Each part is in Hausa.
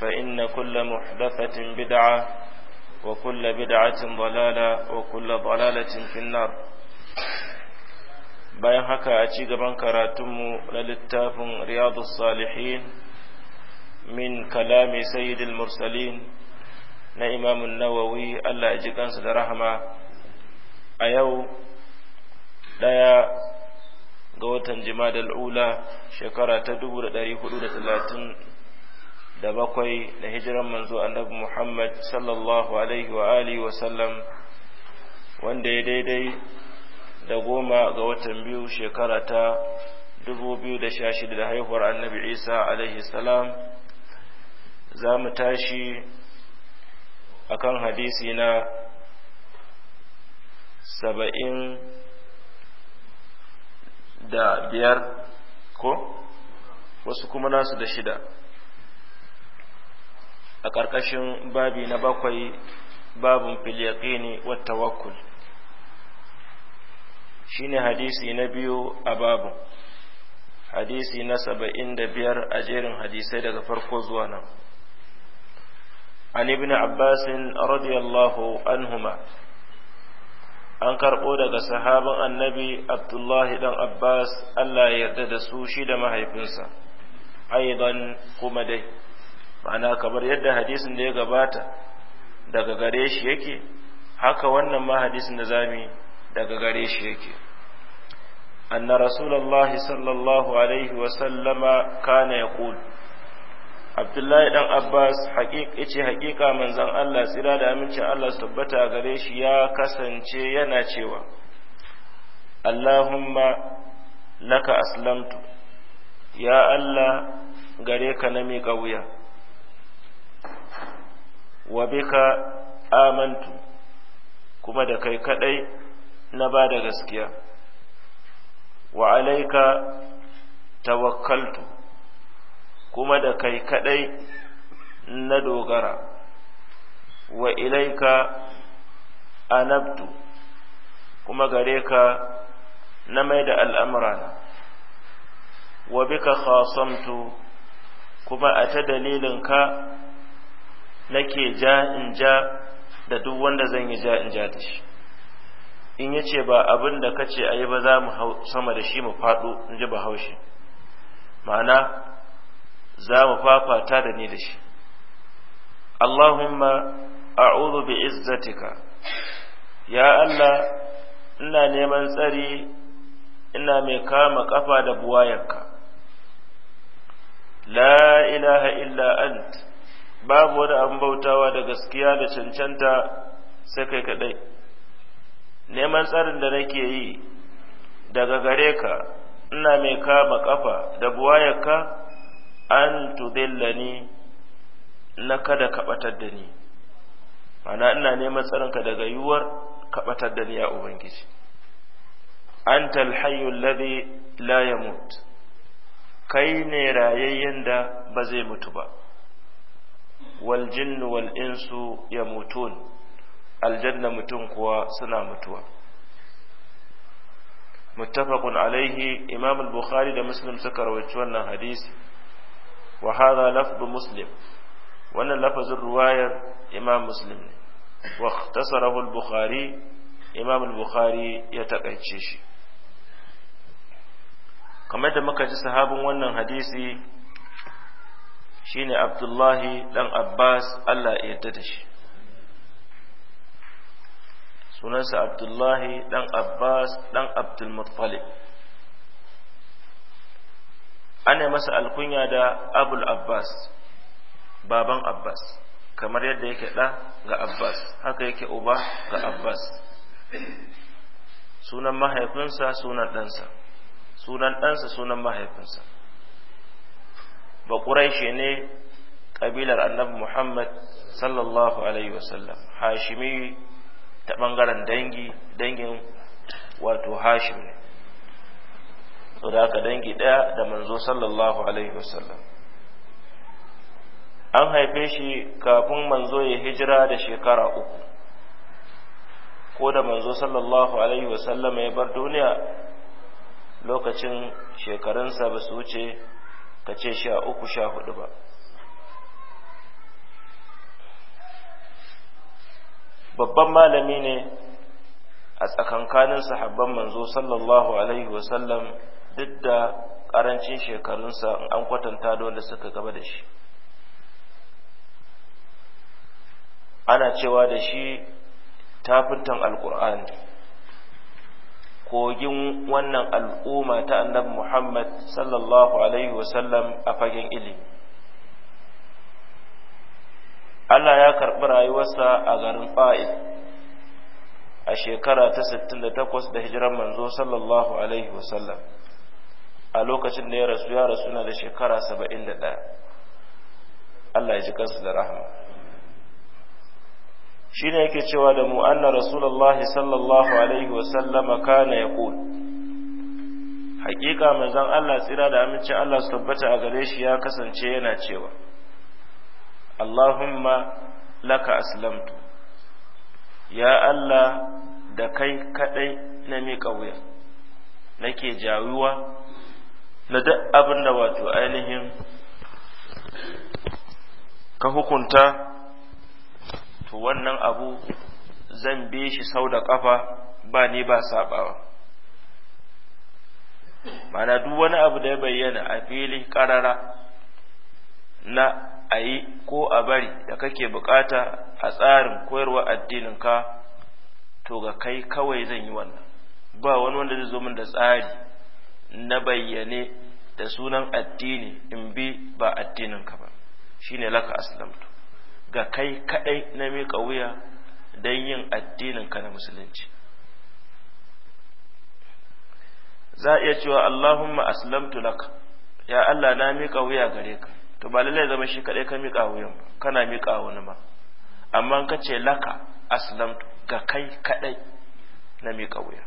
فإن كل محدثة بدعة وكل بدعة ضلالة وكل ضلالة في النار bayan haka a ci gaban karatunmu na littafin riyadu salihin min kalami sayyidil mursalin na imamun nawawi Allah ya ji kansa da rahama a yau ɗaya ga watan jima'a ula shekara ta 1430 da bakwai da hijiran manzo annabi Muhammad sallallahu alaihi wa alihi wa sallam wanda ya daidai da goma ga watan biyu shekara ta 2016 da haihuwar annabi Isa alaihi salam za mu tashi a kan hadisi na saba'in da biyar ko wasu kuma nasu da shida a ƙarƙashin babi na bakwai babin wata wakul. Shi ne hadisi na biyu a babu hadisi na saba'in da biyar a jerin hadisai daga farko zuwa nan an ibn abbasin radiyallahu anhuma an karɓo daga sahabin annabi abdullahi ɗan abbas allah ya yarda da su shi da mahaifinsa aidan kuma dai ma'ana kamar yadda hadisin da ya gabata daga gare shi yake haka wannan ma hadisin da zami daga gare shi yake anna rasulullah sallallahu alaihi wa sallama kana yaqul abdullahi dan abbas haqiqa ce haqiqa manzon Allah tsira da amincin Allah su tabbata gare shi ya kasance yana cewa Allahumma laka aslamtu ya Allah gare ka na mika wuya wa bika amantu kuma da kai kadai na ba da gaskiya wa alaika tawakkaltu kuma da kai kadai na dogara wa ilaika anabtu kuma gare ka na mai da al'amurana wa bika khasamtu kuma a ta dalilin ka. nake ja in ja da duk wanda zan yi ja in ja da shi in ya ce ba abin da kace a yi ba za mu sama da shi mu faɗo in ji ba bahaushe ma'ana za mu fafata da ni da shi Allahumma a'udhu bi izzatika ya Allah ina neman tsari ina mai kama kafa da buwayarka la ilaha illa anta babu wani abin bautawa da gaskiya da cancanta sai kai kadai neman tsarin da nake yi daga gare ka ina mai kama kafa da buwayarka an tudillani na kada kabatar da ni mana ina neman tsarinka daga yiwuwar kabatar da ni ya ubangiji Antal alhayyu alladhi la yamut kai ne rayayyen da ba zai mutu ba wal jinnu wal insu yamutun aljanna mutum kuwa suna mutuwa muttafaqun alaihi imam al-bukhari da muslim suka rawaito wannan hadisi wa hadha lafzu muslim wannan lafazin ruwayar imam muslim ne wa ikhtasarahu al-bukhari imam al-bukhari ya takaice shi kamar da muka ji sahabin wannan hadisi shine abdullahi dan abbas allah ya yarda da shi sunansa abdullahi dan abbas dan abdulmuttalib ana masa alkunya da abul abbas baban abbas kamar yadda yake ɗa ga abbas haka yake uba ga abbas sunan mahaifinsa sunan ɗansa sunan ɗansa sunan mahaifinsa ba quraishi ne kabilar annabi Muhammad sallallahu alaihi wasallam hashimi ta bangaren dangi dangin wato hashim ne to da aka dangi daya da manzo sallallahu alaihi wasallam an haife shi kafin manzo ya hijira da shekara uku ko da manzo sallallahu alaihi wasallam ya bar duniya lokacin shekarunsa ba su wuce ka ce sha uku sha hudu ba babban malami ne a tsakankanin sahabban manzo sallallahu alaihi sallam duk da ƙarancin shekarunsa in an kwatanta da wanda suka gaba da shi ana cewa da shi tafintan alkur'ani kogin wannan al'umma ta annabi Muhammad sallallahu Alaihi wasallam a fagen ilimi. Allah ya karɓi rayuwarsa a garin fa’il a shekara ta 68 da hijiran manzo sallallahu Alaihi wasallam a lokacin da ya rasu ya rasu na da shekara 71. Allah ya ji kansu da rahama. shine yake cewa da mu anna rasulullahi sallallahu alaihi wasallama kana yaqul haƙiƙa manzon Allah tsira da amincin Allah su tabbata a gare shi ya kasance yana cewa Allahumma laka aslamtu ya Allah da kai kadai na miƙa wuya nake jawuwa na duk abin da wato ainihin ka hukunta to wannan abu zan be shi sau da ƙafa ba ne ba saɓawa mana duk wani abu da ya bayyana a fili ƙarara na a yi ko a bari da kake bukata a tsarin koyarwa addininka to ga kai kawai zan yi wannan ba wani wanda zai zo min da tsari na bayyane da sunan addini in bi ba addininka ba shine laka aslamtu ga kai kadai na miƙa wuya don yin addinin ka na musulunci za a iya cewa Allahumma aslamtu laka ya Allah na miƙa wuya gare ka to ba lallai zama shi kadai ka miƙa wuyan kana miƙa wani ma amma ka ce laka aslamtu ga kai kadai na miƙa wuya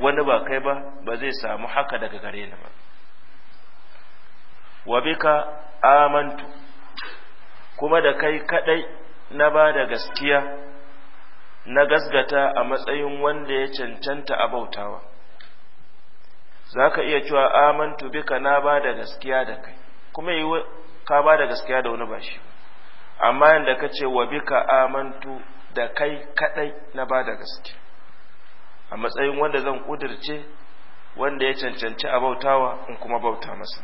wani ba kai ba ba zai samu haka daga gare ni ba wa bika amantu kuma da kai kadai na ba da gaskiya na gasgata a matsayin wanda ya cancanta a bautawa za ka iya cewa amantu bika na ba da gaskiya da kai kuma yi ka ba da gaskiya da wani bashi amma yadda ka ce wa bika amantu da kai kadai na ba da gaskiya a matsayin wanda zan kudirce wanda ya cancanci a bautawa in kuma bauta masa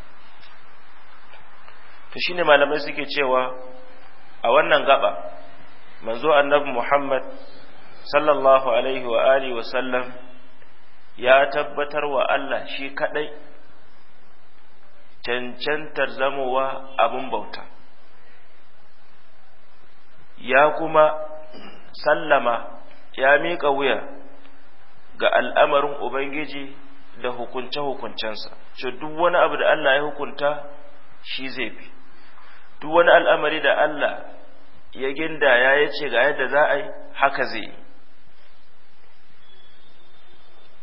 Ta shi ne malamai suke cewa a wannan gaba manzo annabi Muhammad sallallahu alaihi wa alihi wa sallam ya tabbatar wa Allah shi kadai cancantar zamowa abin bauta ya kuma sallama ya miƙa wuya ga al'amarin Ubangiji da hukunce-hukuncensa, ce duk wani abu da Allah ya hukunta shi zai bi. duk wani al'amari da Allah ya ginda ya ce ga yadda za a yi haka zai yi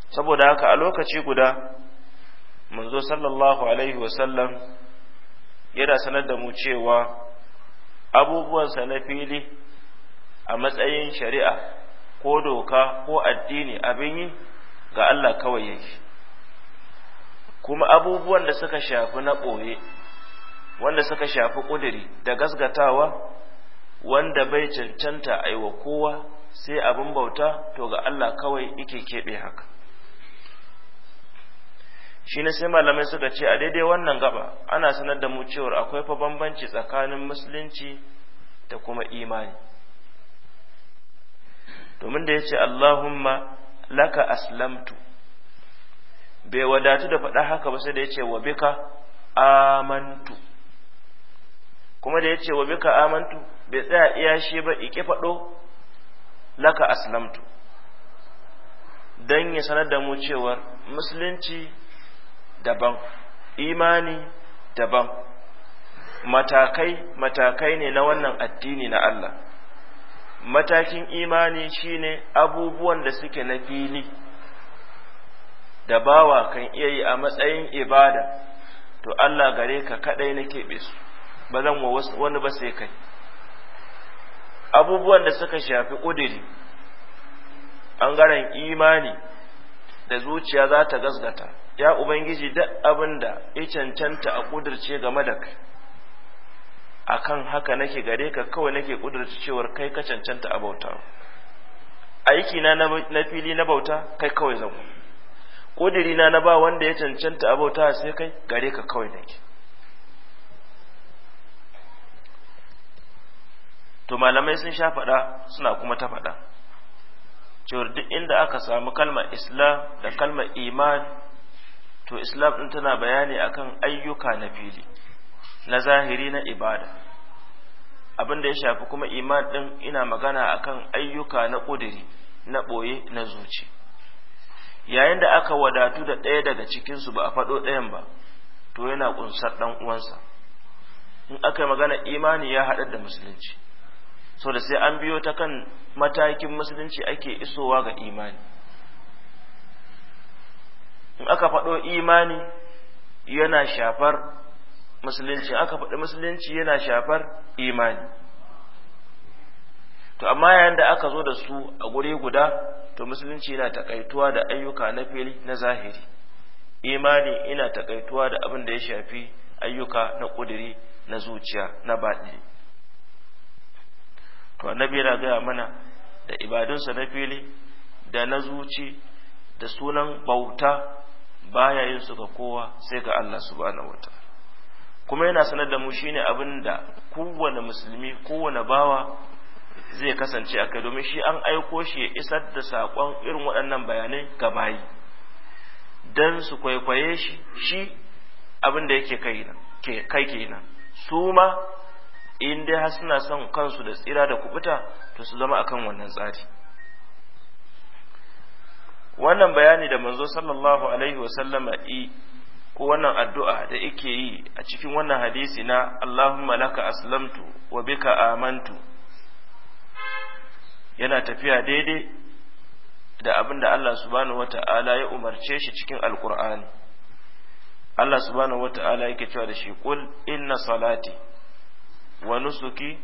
saboda haka a lokaci guda manzo sallallahu alaihi wasallam yana sanar da mu cewa abubuwansa na fili a matsayin shari'a ko doka ko addini abin yi ga Allah kawai yake kuma abubuwan da suka shafi na ɓoye wanda suka shafi ƙudiri da gasgatawa wanda bai cancanta aiwa kowa sai abin bauta to ga Allah kawai yake keɓe haka shi ne sai malamai suka ce a daidai wannan gaba ana sanar da mu cewar akwai fa bambanci tsakanin musulunci da kuma imani domin da yace ce Allahumma laka aslamtu bai wadatu da faɗa haka ba sai da yace wa bika amantu kuma da ya ce wa bika amantu bai tsaya iya shi ba iki faɗo laka aslamtu don ya sanar da mu cewar musulunci daban imani daban matakai matakai ne na wannan addini na Allah matakin imani shine abubuwan da suke na fili da bawa kan iya yi a matsayin ibada to Allah gare ka kadai na keɓe su ba zan wa wani ba sai kai abubuwan da suka shafi ƙudiri ɓangaren imani da zuciya za ta gasgata ya ubangiji duk abin da ya cancanta a ƙudirce game da kai akan haka nake gare ka kawai nake ƙudirce cewar kai ka cancanta a bauta aiki na na fili na bauta kai kawai zan ƙudiri na na ba wanda ya cancanta a bauta sai kai gare ka kawai nake to malamai sun sha faɗa suna kuma ta faɗa cewar duk inda aka samu kalmar islam da kalmar iman to islam ɗin tana bayani akan ayyuka na fili na zahiri na ibada abin da ya shafi kuma iman ɗin ina magana akan ayyuka na ƙudiri na ɓoye na zuci yayin da aka wadatu da ɗaya daga cikinsu ba a faɗo ɗayan ba to yana ƙunsar ɗan uwansa in aka yi magana imani ya haɗar da musulunci so da sai an biyo ta kan matakin musulunci ake isowa ga imani in aka faɗo imani yana shafar musulunci aka faɗi musulunci yana shafar imani to amma yayin da aka zo da su a guri guda to musulunci yana takaituwa da ayyuka na fili na zahiri imani ina takaituwa da abin da ya shafi ayyuka na ƙudiri na zuciya na baɗi to annabi yana gaya mana da ibadunsa na fili da na zuci da sunan bauta baya yin su ga kowa sai ga Allah subhanahu wataala kuma yana sanar da mu shine abin da kowane musulmi kowane bawa zai kasance aka kai domin shi an aiko shi ya isar da saƙon irin waɗannan bayanai ga bayi don su kwaikwaye shi shi abin da yake kai kenan su ma in dai har suna son kansu da tsira da kubuta to su zama akan wannan tsari wannan bayani da manzo sallallahu alaihi wa sallama i ko wannan addu'a da yake yi a cikin wannan hadisi na Allahumma laka aslamtu wa bika amantu yana tafiya daidai da abin da Allah subhanahu wata'ala ya umarce shi cikin alkur'ani Allah subhanahu wata'ala yake cewa da shi kul inna salati wa nusuki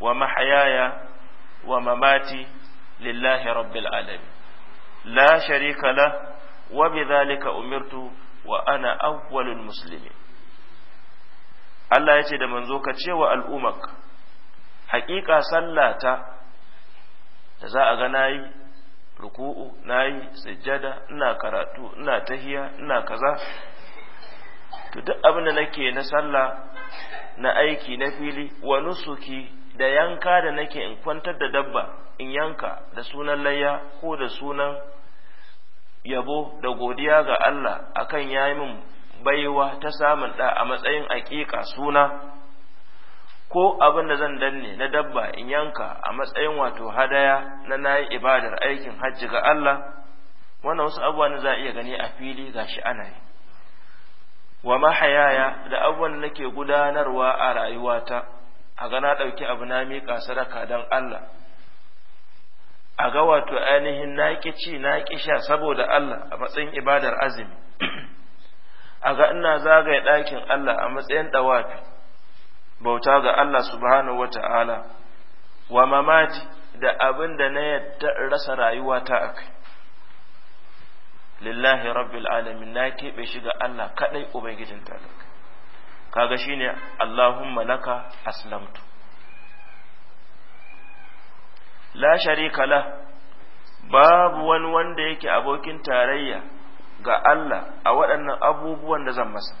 wa mahayaya wa mamati lillahi rabbil alami la sharika la wa bidhalika umirtu wa ana awwalul muslimin Allah ya ce da manzo ka cewa al'umak haƙiƙa sallata da za a ga nayi ruku'u nayi sujjada ina karatu ina tahiya ina kaza to duk abin da nake na sallah na aiki na fili wa nusuki da yanka da nake in kwantar da dabba in yanka da sunan layya ko da sunan yabo da godiya ga Allah akan yayi min baiwa ta samun da a matsayin aƙiƙa suna ko abin da zan danne na dabba in yanka a matsayin wato hadaya na nayi ibadar aikin hajji ga Allah wannan wasu abubuwa ne za a iya gani a fili gashi ana yi wa mahayaya da abubuwan nake gudanarwa a rayuwata a ga na ɗauki abu na miƙa sadaka don Allah a ga wato ainihin na ci na sha saboda Allah a matsayin ibadar azumi a ga ina zagaye ɗakin Allah a matsayin ɗawafi bauta ga Allah subhanahu wa wa mamati da abin da na yadda rasa rayuwata a kai lillahi rabbil alamin na keɓe shi ga Allah kaɗai ubangijin talaka kaga shine Allahumma laka aslamtu la sharika la babu wani wanda yake abokin tarayya ga Allah a waɗannan abubuwan da zan masa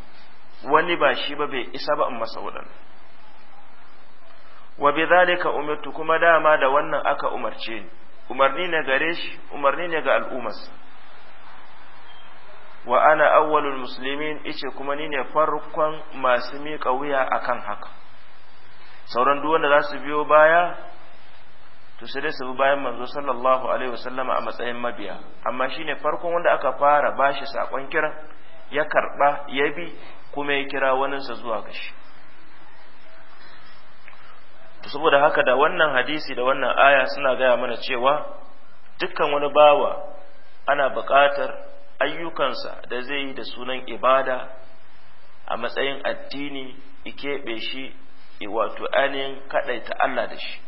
wani ba shi ba bai isa ba in masa waɗannan wa bi zalika umirtu kuma dama da wannan aka umarce ni umarni ne gare shi umarni ne ga al'ummarsa wa ana awwalul muslimin ice kuma ni ne farkon masu miƙa wuya akan haka sauran duk wanda za su biyo baya to sai dai su bi bayan manzo sallallahu alaihi wasallama a matsayin mabiya amma shine farkon wanda aka fara bashi sakon kiran ya karba ya bi kuma ya kira sa zuwa ga shi saboda haka da wannan hadisi da wannan aya suna gaya mana cewa dukkan wani bawa ana buƙatar ayyukansa da zai yi da sunan ibada a matsayin addini ikeɓe shi wato ainihin kaɗaita Allah da shi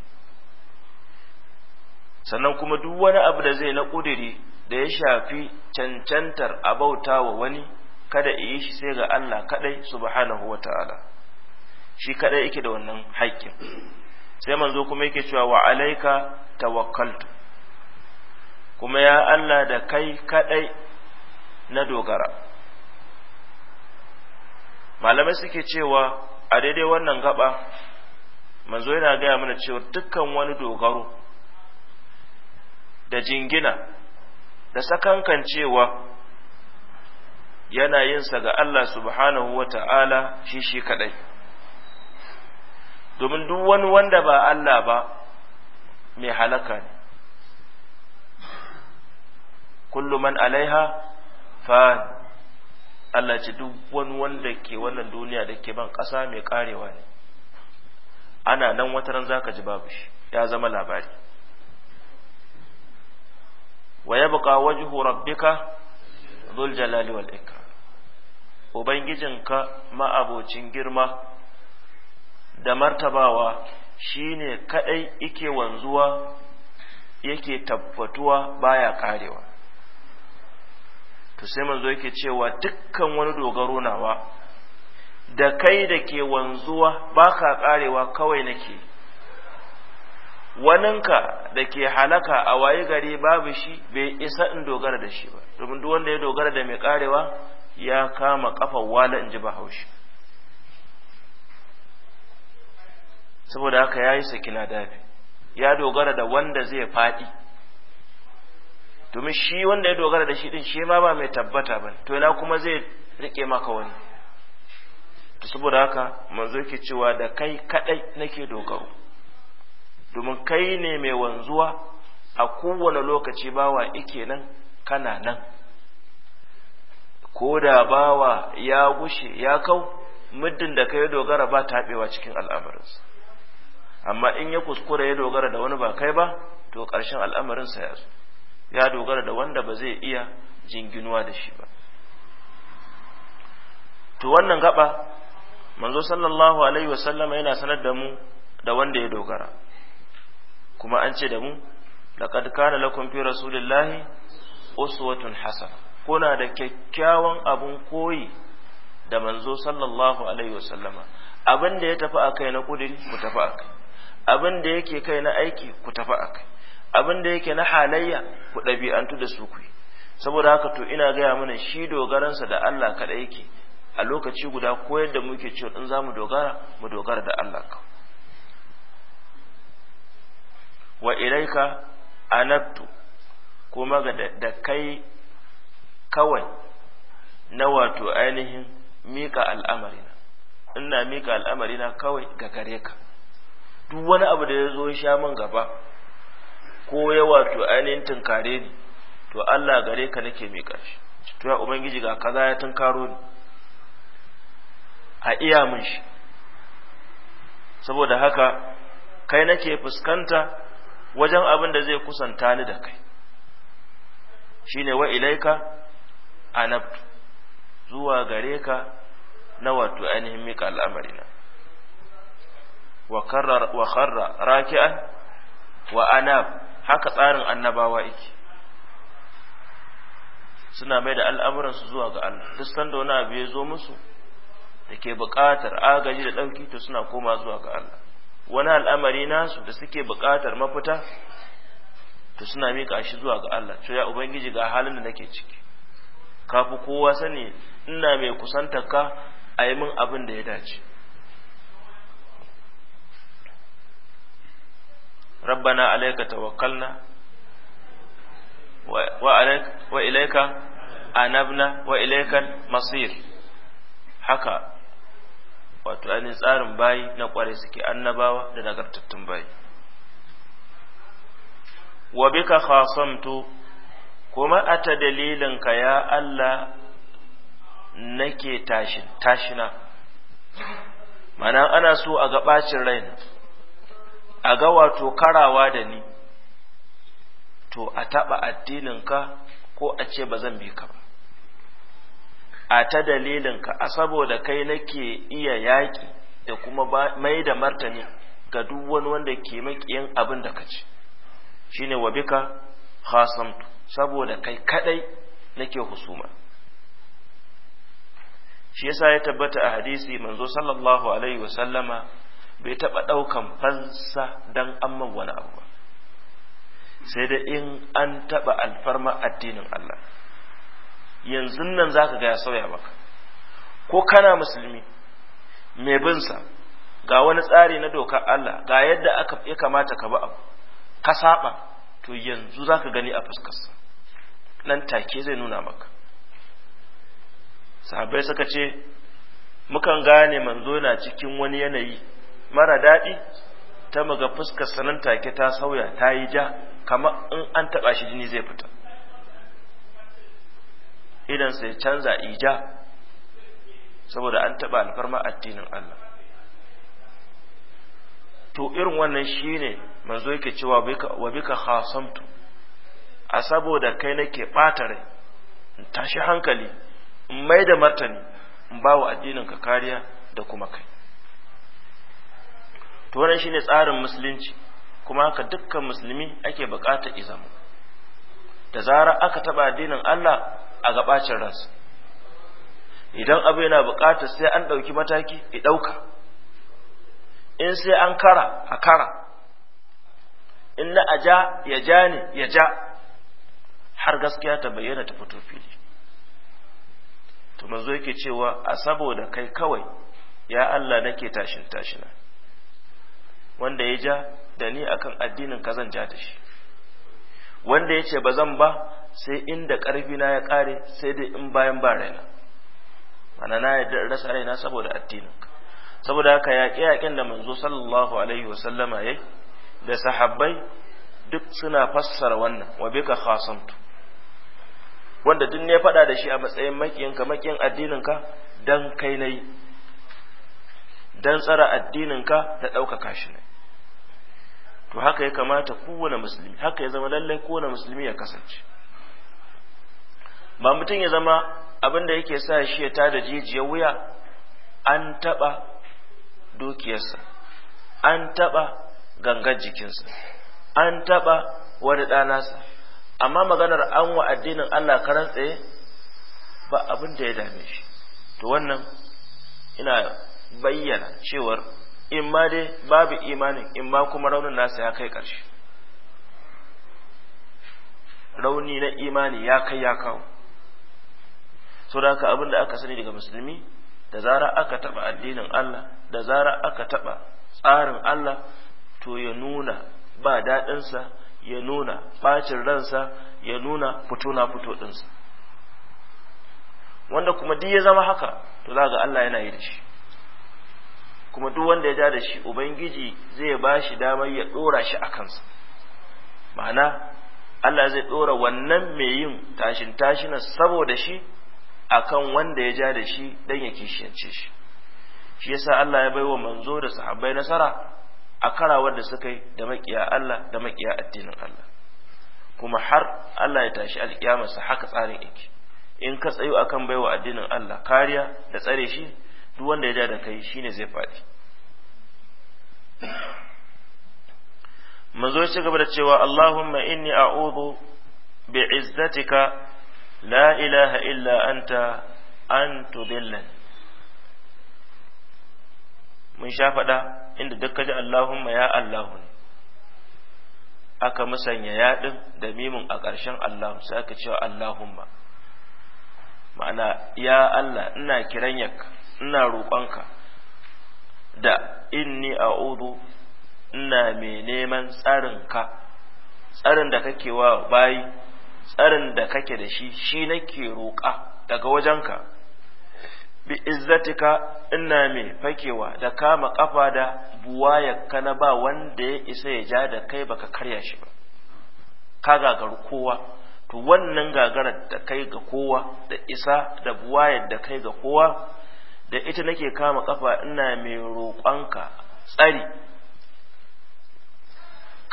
sannan kuma duk wani abu da zai na ƙudiri da ya shafi cancantar abauta wa wani kada yi shi sai ga Allah kaɗai subhanahu wa ta'ala shi kaɗai yake da wannan haƙƙin sai manzo kuma yake cewa wa alaika tawakkaltu kuma ya Allah da kai kaɗai na dogara malamai suke cewa a daidai wannan gaba manzo yana gaya mana cewa dukkan wani dogaro da jingina da sakankan cewa yana yinsa ga Allah subhanahu wa ta'ala shi shi kaɗai domin duk wani wanda ba Allah ba mai halaka ne kullu man alaiha fan Allah ce duk wani wanda ke wannan duniya da ke ban ƙasa mai ƙarewa ne ana nan wata ran ka ji babu shi ya zama labari wa ya waji wajhu rabbika zul jalali wal ikra ubangijinka ma'abocin girma da martabawa shi ne kaɗai ike wanzuwa yake tabbatuwa baya ƙarewa. to sai manzo yake cewa dukkan wani dogaro nawa da kai da ke wanzuwa ba ka karewa kawai nake waninka da ke halaka a waye gari babu shi bai isa in dogara da shi ba domin duk wanda ya dogara da mai karewa ya kama kafan wala in ji bahaushe saboda haka ya yi sakila dafi ya dogara da wanda zai faɗi domin shi wanda ya dogara da shi din shi ma ba mai tabbata ba to ina kuma zai rike maka wani to saboda haka manzo yake cewa da kai kadai nake dogaro domin kai ne mai wanzuwa a kowane lokaci bawa ike nan kana nan ko da bawa ya gushe ya kau muddin da kai dogara ba taɓewa cikin al'amarinsa amma in ya kuskura ya dogara da wani ba kai ba to ƙarshen al'amarinsa ya zo ya dogara da wanda ba zai iya jinginuwa da shi ba to wannan gaba manzo sallallahu alaihi wasallama yana sanar da mu da wanda ya dogara kuma an ce da mu laqad kana lakum fi rasulillahi uswatun hasana kuna da kyakkyawan abun koyi da manzo sallallahu alaihi wasallama abin da ya tafi akai na kudiri ku tafi akai abin da yake kai na aiki ku tafi akai abin da yake na halayya ku ɗabi'antu da su ku saboda haka to ina gaya mana shi dogaransa da Allah kaɗai yake a lokaci guda ko yadda muke cewa in za mu dogara mu dogara da Allah ka wa ilaika anabtu kuma ga da kai kawai na wato ainihin mika al'amarina ina mika al'amarina kawai ga gare ka duk wani abu da ya zo sha man gaba ko ya wato ainihin tunkare ni to Allah gare ka nake mai ƙarshe to ya ubangiji ga kaza ya tunkaro ni a iya mun shi saboda haka kai nake fuskanta wajen abin da zai kusanta ni da kai shine wa ilaika anabtu zuwa gare ka na wato ainihin miƙa al'amarina wa kharra raki'an wa anab haka tsarin annabawa yake suna mai da al'amuransu zuwa ga Allah duk sanda wani abu ya zo musu da ke buƙatar agaji da ɗauki to suna koma zuwa ga Allah wani al'amari nasu da suke buƙatar mafita to suna miƙa shi zuwa ga Allah to ya ubangiji ga halin da nake ciki kafi kowa sani ina mai kusantar ka a yi min abin da ya dace ربنا عليك توكلنا وعليك وإليك أنبنا وإليك المصير haka wato ainihin tsarin bayi na kware suke annabawa da nagartattun bayi wa bika khasamtu kuma a ta dalilinka ya Allah nake tashin tashina mana ana so a gabacin raina a ga wato karawa da ni to a taɓa ka ko a ce ba zan bi ka ba a ta dalilinka a saboda kai nake iya yaƙi da kuma mai da martani ga duk wani wanda ke maƙiyin abin da ka ce shine wa bika khasamtu saboda kai kadai nake husuma shi yasa ya tabbata a hadisi manzo sallallahu alaihi wa bai taɓa ɗaukan fansa don amman wani abu ba sai da in an taɓa alfarma addinin Allah yanzu nan za ka ya sauya maka ko kana musulmi mai bin sa. ga wani tsari na doka Allah ga yadda aka ya kamata ka ba abu ka saba to yanzu zaka gani a fuskarsa nan take zai nuna maka sahabbai suka ce mukan gane manzo na cikin wani yanayi mara daɗi ta maga fuskar sanan take ta sauya ta yi ja kamar in an taɓa shi jini zai fita idan sai canza ija saboda an taɓa alfarma addinin Allah to irin wannan shine manzo yake cewa wa bika khasamtu a saboda kai nake ɓata rai tashi hankali in mai da martani in ba wa ka kariya da kuma kai to wannan shine tsarin musulunci kuma haka dukkan musulmi ake bukata izamu da zara aka taba addinin Allah a gabacin ras. idan abu yana bukata sai an ɗauki mataki i ɗauka. in sai an kara a kara in na aja ya ja ne ya ja har gaskiya ta bayyana ta fito fili to manzo yake cewa a saboda kai kawai ya Allah nake tashin tashina wanda ya ja da ni akan addinin ka zan ja da shi wanda ya ce ba zan ba sai inda ƙarfi na ya kare sai dai in bayan ba raina mana na yadda rasa raina saboda addinin ka saboda haka yaƙe-yaƙen da manzo sallallahu alaihi wa sallama yayi da sahabbai duk suna fassara wannan wa bika khasamtu wanda duk ne faɗa da shi a matsayin makiyinka makiyin addinin ka dan kai nayi dan tsara addininka da ɗaukaka shi ne to haka ya kamata kowane musulmi haka ya zama lallai kowane musulmi ya kasance ba mutum ya zama abin da yake sa shi ya tada jijiyar wuya an taɓa dukiyarsa an taɓa gangar jikinsa an taɓa wani ɗanasa amma maganar an wa addinin Allah karantsaye tsaye ba abin da ya dame shi to wannan ina bayyana cewar in ma dai babu imanin in ma kuma raunin nasa ya kai ƙarshe rauni na imani ya kai ya kawo so da haka abin da aka sani daga musulmi da zara aka taɓa addinin Allah da zara aka taɓa tsarin Allah to ya nuna ba daɗinsa ya nuna ɓacin ransa ya nuna fito na fito ɗinsa wanda kuma duk ya zama haka to za ga Allah yana yi da shi kuma duk wanda ya ja da shi ubangiji zai ba shi damar ya dora shi a kansa ma'ana Allah zai dora wannan mai yin tashin tashina saboda shi akan wanda ya ja da shi dan ya kishiyance shi shi yasa Allah ya baiwa manzo da sahabbai nasara a karawar da suka yi da makiya Allah da makiya addinin Allah kuma har Allah ya tashi alkiyama sa haka tsarin yake in ka tsayo akan baiwa addinin Allah kariya da tsare shi duk wanda ya ja da kai shine zai faɗi manzo ya gaba da cewa Allahumma inni a'udhu bi'izzatika la ilaha illa anta an tudillan mun sha faɗa inda duk kaji Allahumma ya Allahu aka musanya din da mimin a ƙarshen Allah sai aka cewa Allahumma ma'ana ya Allah ina kiran ina roƙonka da inni a'udhu ina mai neman tsarinka tsarin da kake wa bayi tsarin da kake da shi shi nake roƙa daga wajenka bi izzatika ina mai fakewa da kama kafa da ya na ba wanda ya isa ya ja da kai baka karya shi ba ka gagaru kowa to wannan gagarar da kai ga kowa da isa da buwaya da kai ga kowa da ita nake kama kafa ina mai roƙonka tsari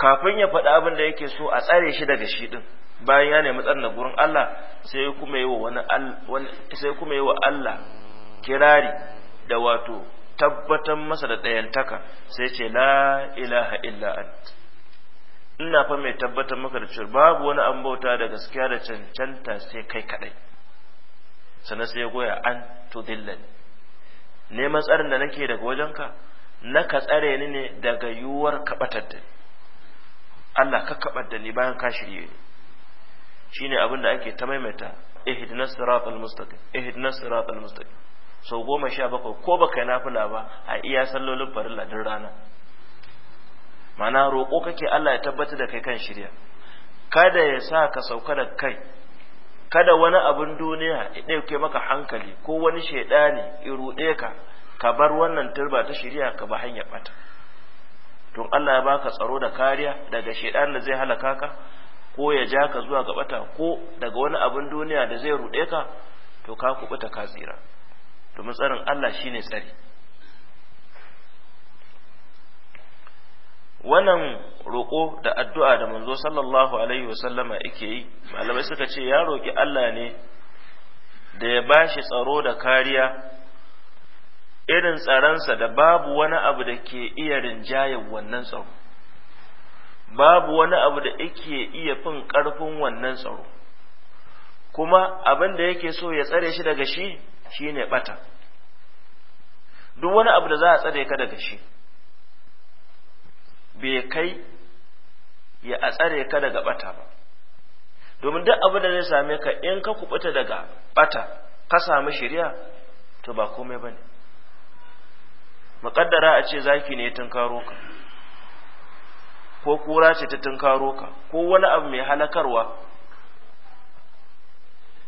kafin ya faɗi abin da yake so a tsare shi daga shi din bayan ya nemi tsarin gurin Allah sai kuma yi wa Allah kirari da wato tabbatar masa da ɗayantaka sai ce la ilaha illa an. ina fa mai tabbatar maka da cewa babu wani an bauta da gaskiya da cancanta sai kai kaɗai, sannan sai goya an to dillani neman tsarin da nake daga wajenka na ka tsare ni ne daga yiwuwar kaɓatar da ni Allah ka kaɓar da ni bayan ka shirye ni shine abin da ake ta maimaita ihdinas siratal mustaqim ihdinas siratal mustaqim so goma sha bakwai ko baka nafila ba a iya sallolin farilla din rana mana roƙo kake Allah ya tabbatar da kai kan shirya kada ya sa ka sauka da kai kada wani abin duniya ya ɗauke maka hankali ko wani shaidani ya ruɗe ka ka bar wannan turba ta shirya ka ba hanyar bata to Allah ya baka tsaro da kariya daga shaidan da zai halaka ka ko ya ja ka zuwa ga bata ko daga wani abin duniya da zai ruɗe ka to ka kubuta ka tsira domin tsarin Allah shine tsari wannan roƙo da addu'a da manzo sallallahu alaihi wasallama yake yi malamai suka ce ya roƙi Allah ne da ya bashi tsaro da kariya irin tsaransa da babu wani abu da ke iya rinjayen wannan tsaro babu wani abu da yake iya fin ƙarfin wannan tsaro kuma abin da yake so ya tsare shi daga shi shine bata duk wani abu da za a tsare ka daga shi bai kai ya atsare ka daga bata ba domin duk abin da zai same ka in ka kubuta daga bata ka samu shirya to ba komai ba ne muƙaddara a ce zaki ne tun karo ka ko kura ce ta tun karo ka ko wani abu mai halakarwa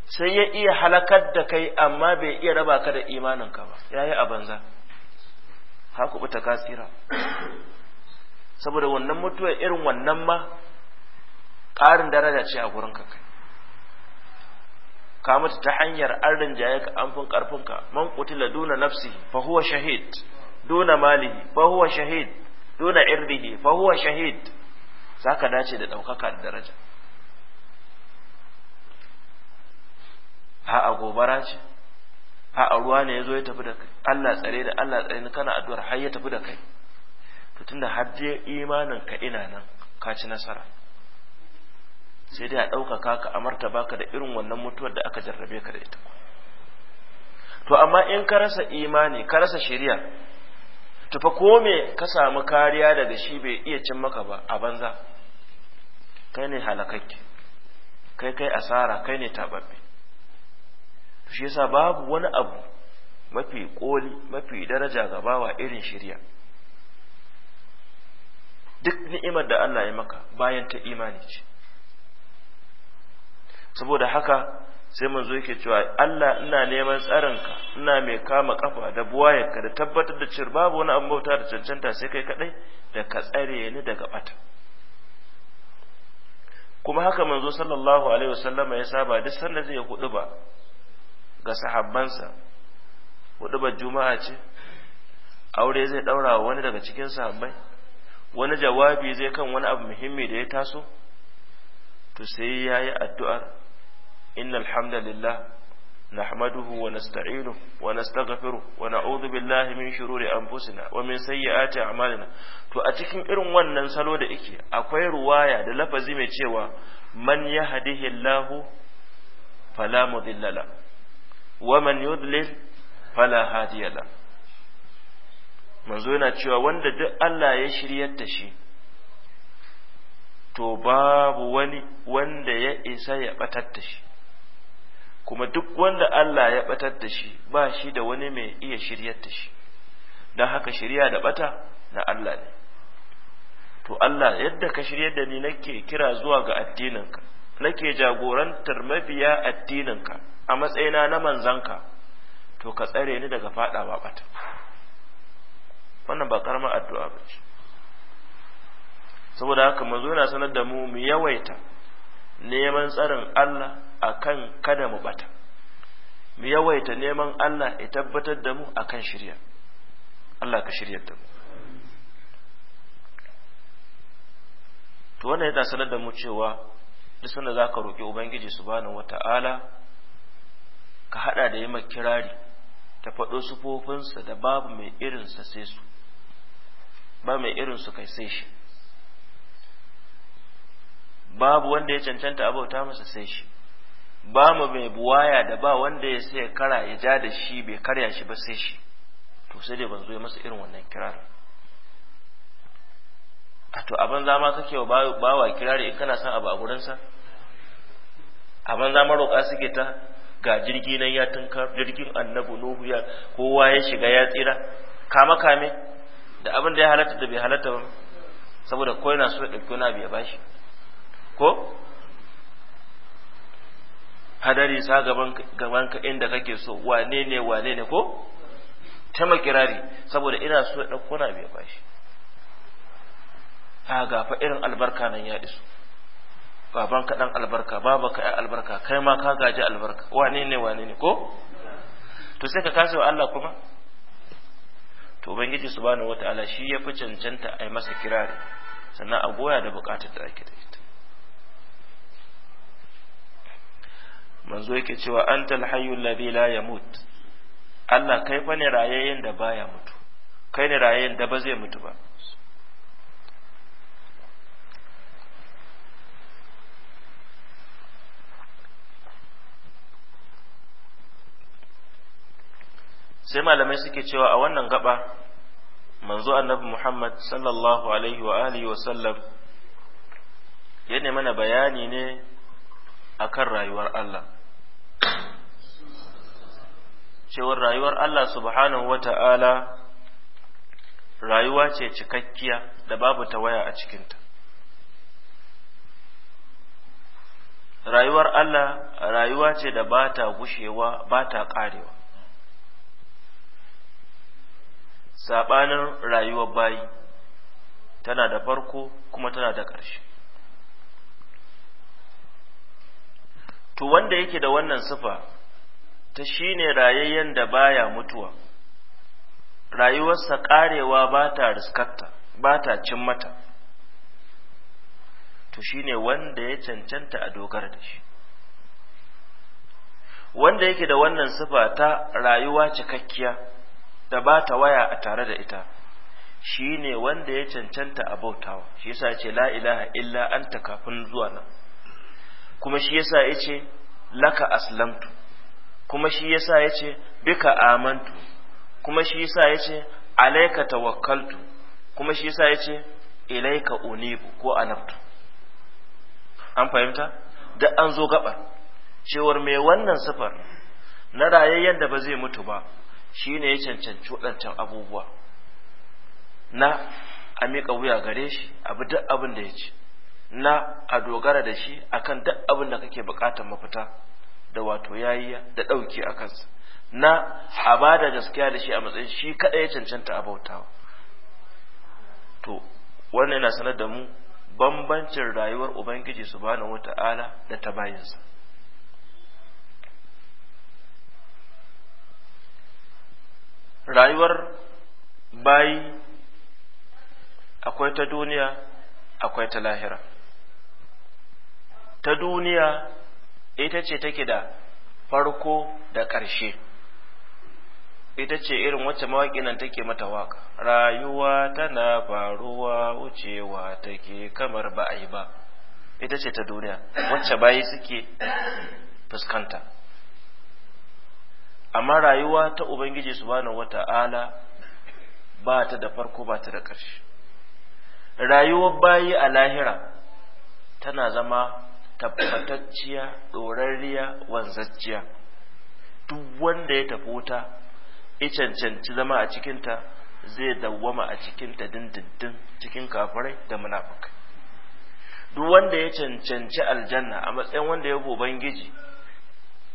sai ya iya halakar da kai amma bai iya raba ka da imanin ka ba yayi yi a banza ka kubuta kasira saboda wannan mutuwa irin wannan ma ƙarin daraja ce a gurin ka ka mutu ta hanyar an rinjaye ka an fin ƙarfin ka man qutila duna nafsi fa huwa shahid duna malihi fa huwa shahid duna irdihi fa huwa shahid ka dace da ɗaukaka da daraja a gobara ce a ruwa ne ya zo ya tafi da kai Allah tsare da Allah tsare kana addu'ar har ya tafi da kai to tunda hadde imanin ka ina nan ka ci nasara sai dai a ɗaukaka ka a martaba ka da irin wannan mutuwar da aka jarrabe ka da ita to amma in ka rasa imani ka rasa shari'a to fa ko me ka samu kariya daga shi bai iya cin maka ba a banza kai ne halakakke kai kai asara kai ne tababbe to shi yasa babu wani abu mafi koli mafi daraja ga bawa irin shari'a duk ni'imar da Allah ya maka bayan ta imani ce saboda haka sai mun zo yake cewa Allah ina neman tsarinka ina mai kama kafa da buwayenka da tabbatar da cewa babu wani abu bauta da cancanta sai kai kadai da ka tsare ni daga bata kuma haka manzo sallallahu alaihi wasallama ya saba duk sanda zai hudu ba ga sahabbansa hudu ba juma'a ce aure zai daura wani daga cikin sahabbai wani jawabi zai kan wani abu muhimmi da ya taso to sai ya yi addu'ar alhamdulillah, na nahmaduhu wa nasta'inu wa nastaghfiru wa na'udhu billahi min shururi anfusina wa min sayyiati a'malina to a cikin irin wannan salo da yake akwai ruwaya da lafazi mai cewa man yahdihillahu fala mudilla la wa man yudlil fala hadiya la manzo yana cewa wanda duk Allah ya shiryar da shi to babu wani wanda ya isa ya batar da shi kuma duk wanda Allah ya batar da shi ba shi da wani mai iya shiryar da shi don haka shirya da bata na Allah ne to Allah yadda ka shiryar da ni nake kira zuwa ga addininka nake jagorantar mabiya addininka a matsayina na manzanka to ka tsare ni daga fadawa bata wannan ba karamar addu'a ba ce saboda haka manzo yana sanar da mu mu yawaita neman tsarin Allah akan kada mu bata mu yawaita neman Allah ya tabbatar da mu akan shirya Allah ka shirya da mu to wannan yana sanar da mu cewa duk sanda zaka roki ubangiji subhanahu wata'ala ka hada da yi kirari ta faɗo sufofinsa da babu mai irinsa sai su ba mai irin su kai sai shi babu wanda ya cancanta abauta masa sai shi ba mu mai buwaya da ba wanda ya sai kara ya ja da shi bai karya shi ba sai shi to sai dai ban zo masa irin wannan kirar a to abin zama kake wa bawa kirari in kana son abu a gurinsa abin zama roƙa suke ta ga jirgi nan ya tunkar jirgin annabu nuhu ya kowa ya shiga ya tsira kame kame da abin da ya halatta da bai halatta ba saboda ko yana so ya ɗauki wani abu ya bashi ko hadari sa gaban gaban ka inda kake so wane ne wane ne ko ta makirari saboda ina so ya ɗauki wani abu ya bashi ta gafa irin albarka nan ya isu baban ka dan albarka baba ka ai albarka kai ma ka gaji albarka wane ne wane ne ko to sai ka kasa wa Allah kuma to ubangiji subhanahu wataala shi ya fi cancanta a yi masa kirari sannan a goya da bukatar da ake da ita manzo yake cewa antal hayyul ladhi la yamut Allah kai fa ne rayayen da baya mutu kai ne rayayen da ba zai mutu ba sai malamai suke cewa a wannan gaba manzo annabi Muhammad sallallahu alaihi wa alihi wa sallam ya mana bayani ne akan rayuwar Allah cewar rayuwar Allah subhanahu wa ta'ala rayuwa ce cikakkiya da babu tawaya a cikinta rayuwar Allah rayuwa ce da ba ta gushewa ba ta ƙarewa saɓanin rayuwar bayi tana da farko kuma tana da ƙarshe to wanda yake da wannan sifa ta shine rayayyen da baya mutuwa rayuwarsa ƙarewa ba ta riskarta ba ta cin mata to shine wanda ya cancanta a dogara da shi wanda yake da wannan sifa ta rayuwa cikakkiya da ba ta waya a tare da ita shi ne wanda ya cancanta a bautawa shi yasa ce la ilaha illa anta kafin zuwa nan kuma shi yasa ya ce laka aslamtu kuma shi yasa ya ce bika amantu kuma shi yasa ya ce alaika tawakkaltu kuma shi yasa ya ce ilaika unibu ko anabtu an fahimta da an zo gabar cewar mai wannan sifar na rayayyen da ba zai mutu ba shi ne ya cancanci waɗancan abubuwa na a miƙa wuya gare shi abu duk abin da ya ci na a dogara da shi akan duk abin da kake buƙatar mafita da wato yayiya da ɗauki a kansa na a ba da gaskiya da shi a matsayin shi kaɗai ya cancanta a bautawa to wannan yana sanar da mu bambancin rayuwar ubangiji subhanahu wata'ala da ta bayinsa rayuwar bayi akwai ta duniya akwai ta lahira ta duniya ita ce take da farko da ƙarshe ita ce irin wacce mawaƙi nan take mata waƙa rayuwa tana faruwa wucewa take kamar ba a yi ba ita ce ta duniya wacce bayi suke fuskanta amma rayuwa ta ubangiji subhanahu wata'ala ba ta da farko ba ta da ƙarshe rayuwar bayi a lahira tana zama tabbatacciya ɗorarriya wanzacciya duk wanda ya tafi wuta ya cancanci zama a cikinta zai dawwama a cikinta dindindin cikin kafirai da munafukai duk wanda ya cancanci aljanna a matsayin wanda ya gobangiji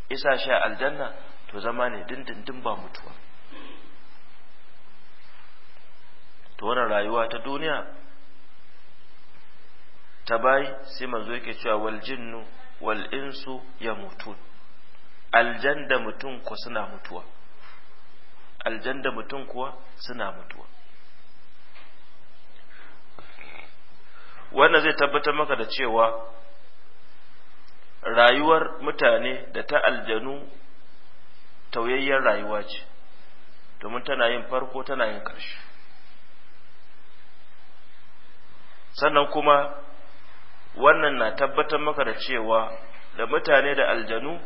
isa sha aljanna to zama ne dindindin ba mutuwa to wannan rayuwa ta duniya ta bai sai manzo yake cewa wal jinnu wal insu yamutun aljan da mutum ko suna mutuwa aljan da mutum kuwa suna mutuwa wannan zai tabbatar maka da cewa rayuwar mutane da ta aljanu tauyayyen rayuwa ce domin tana yin farko tana yin ƙarshe sannan kuma wannan na tabbatar maka da cewa da mutane da aljanu